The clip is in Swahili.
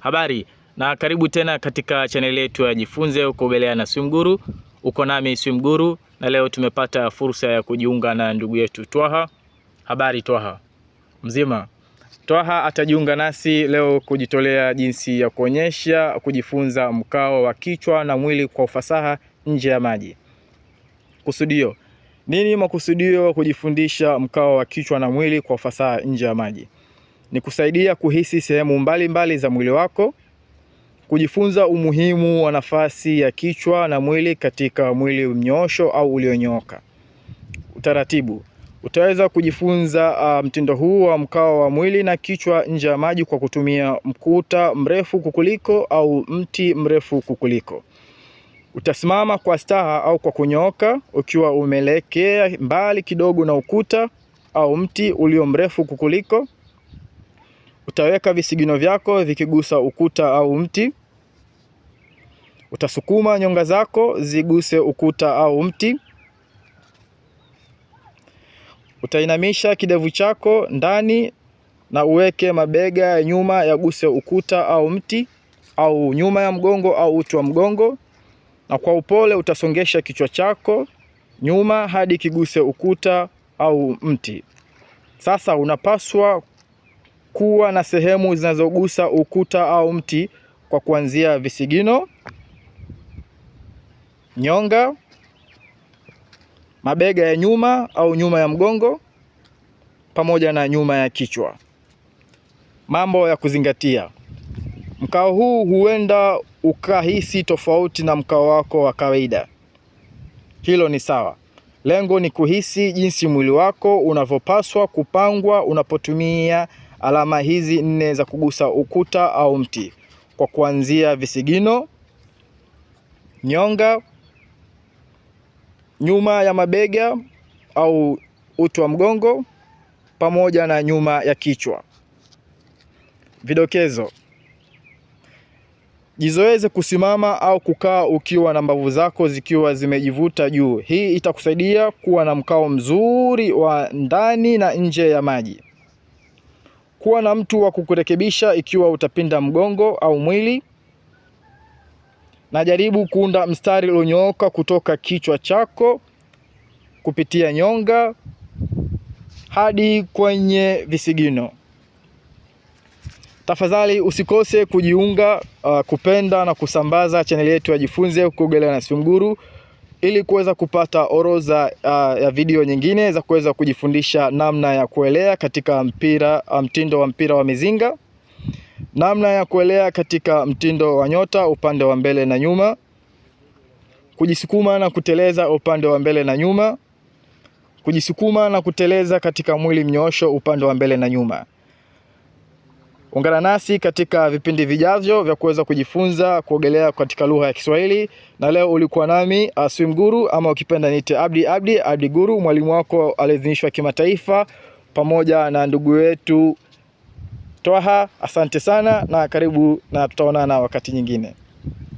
Habari na karibu tena katika chaneli yetu ya Jifunze Kuogelea na Swimguru. Uko nami Swimguru na leo tumepata fursa ya kujiunga na ndugu yetu Twaha. Habari Twaha, mzima? Twaha atajiunga nasi leo kujitolea jinsi ya kuonyesha kujifunza mkao wa kichwa na mwili kwa ufasaha nje ya maji. Kusudio nini? Makusudio kujifundisha mkao wa kichwa na mwili kwa ufasaha nje ya maji ni kusaidia kuhisi sehemu mbalimbali za mwili wako, kujifunza umuhimu wa nafasi ya kichwa na mwili katika mwili mnyoosho au ulionyooka. Utaratibu, utaweza kujifunza uh, mtindo huu wa mkao wa mwili na kichwa nje ya maji kwa kutumia mkuta mrefu kukuliko au mti mrefu kukuliko. Utasimama kwa staha au kwa kunyooka ukiwa umelekea mbali kidogo na ukuta au mti ulio mrefu kukuliko utaweka visigino vyako vikigusa ukuta au mti. Utasukuma nyonga zako ziguse ukuta au mti. Utainamisha kidevu chako ndani na uweke mabega ya nyuma yaguse ukuta au mti au nyuma ya mgongo au uti wa mgongo, na kwa upole utasongesha kichwa chako nyuma hadi kiguse ukuta au mti. Sasa unapaswa kuwa na sehemu zinazogusa ukuta au mti kwa kuanzia visigino, nyonga, mabega ya nyuma au nyuma ya mgongo pamoja na nyuma ya kichwa. Mambo ya kuzingatia: mkao huu huenda ukahisi tofauti na mkao wako wa kawaida. Hilo ni sawa. Lengo ni kuhisi jinsi mwili wako unavyopaswa kupangwa unapotumia alama hizi nne za kugusa ukuta au mti kwa kuanzia visigino, nyonga, nyuma ya mabega au uti wa mgongo pamoja na nyuma ya kichwa. Vidokezo: jizoeze kusimama au kukaa ukiwa na mbavu zako zikiwa zimejivuta juu. Hii itakusaidia kuwa na mkao mzuri wa ndani na nje ya maji kuwa na mtu wa kukurekebisha ikiwa utapinda mgongo au mwili, na jaribu kuunda mstari ulionyooka kutoka kichwa chako kupitia nyonga hadi kwenye visigino. Tafadhali usikose kujiunga, uh, kupenda na kusambaza chaneli yetu ya Jifunze Kuogelea na Swimguru ili kuweza kupata orodha uh, ya video nyingine za kuweza kujifundisha namna ya kuelea katika mpira ah, mtindo wa mpira wa mizinga, namna ya kuelea katika mtindo wa nyota upande wa mbele na nyuma, kujisukuma na kuteleza upande wa mbele na nyuma, kujisukuma na kuteleza katika mwili mnyoosho upande wa mbele na nyuma. Ungana nasi katika vipindi vijavyo vya kuweza kujifunza kuogelea katika lugha ya Kiswahili. Na leo ulikuwa nami ah, Swim Guru, ama ukipenda niite Abdi Abdi Abdi Guru, mwalimu wako aliyeidhinishwa kimataifa, pamoja na ndugu yetu Twaha. Asante sana na karibu, na tutaonana wakati nyingine.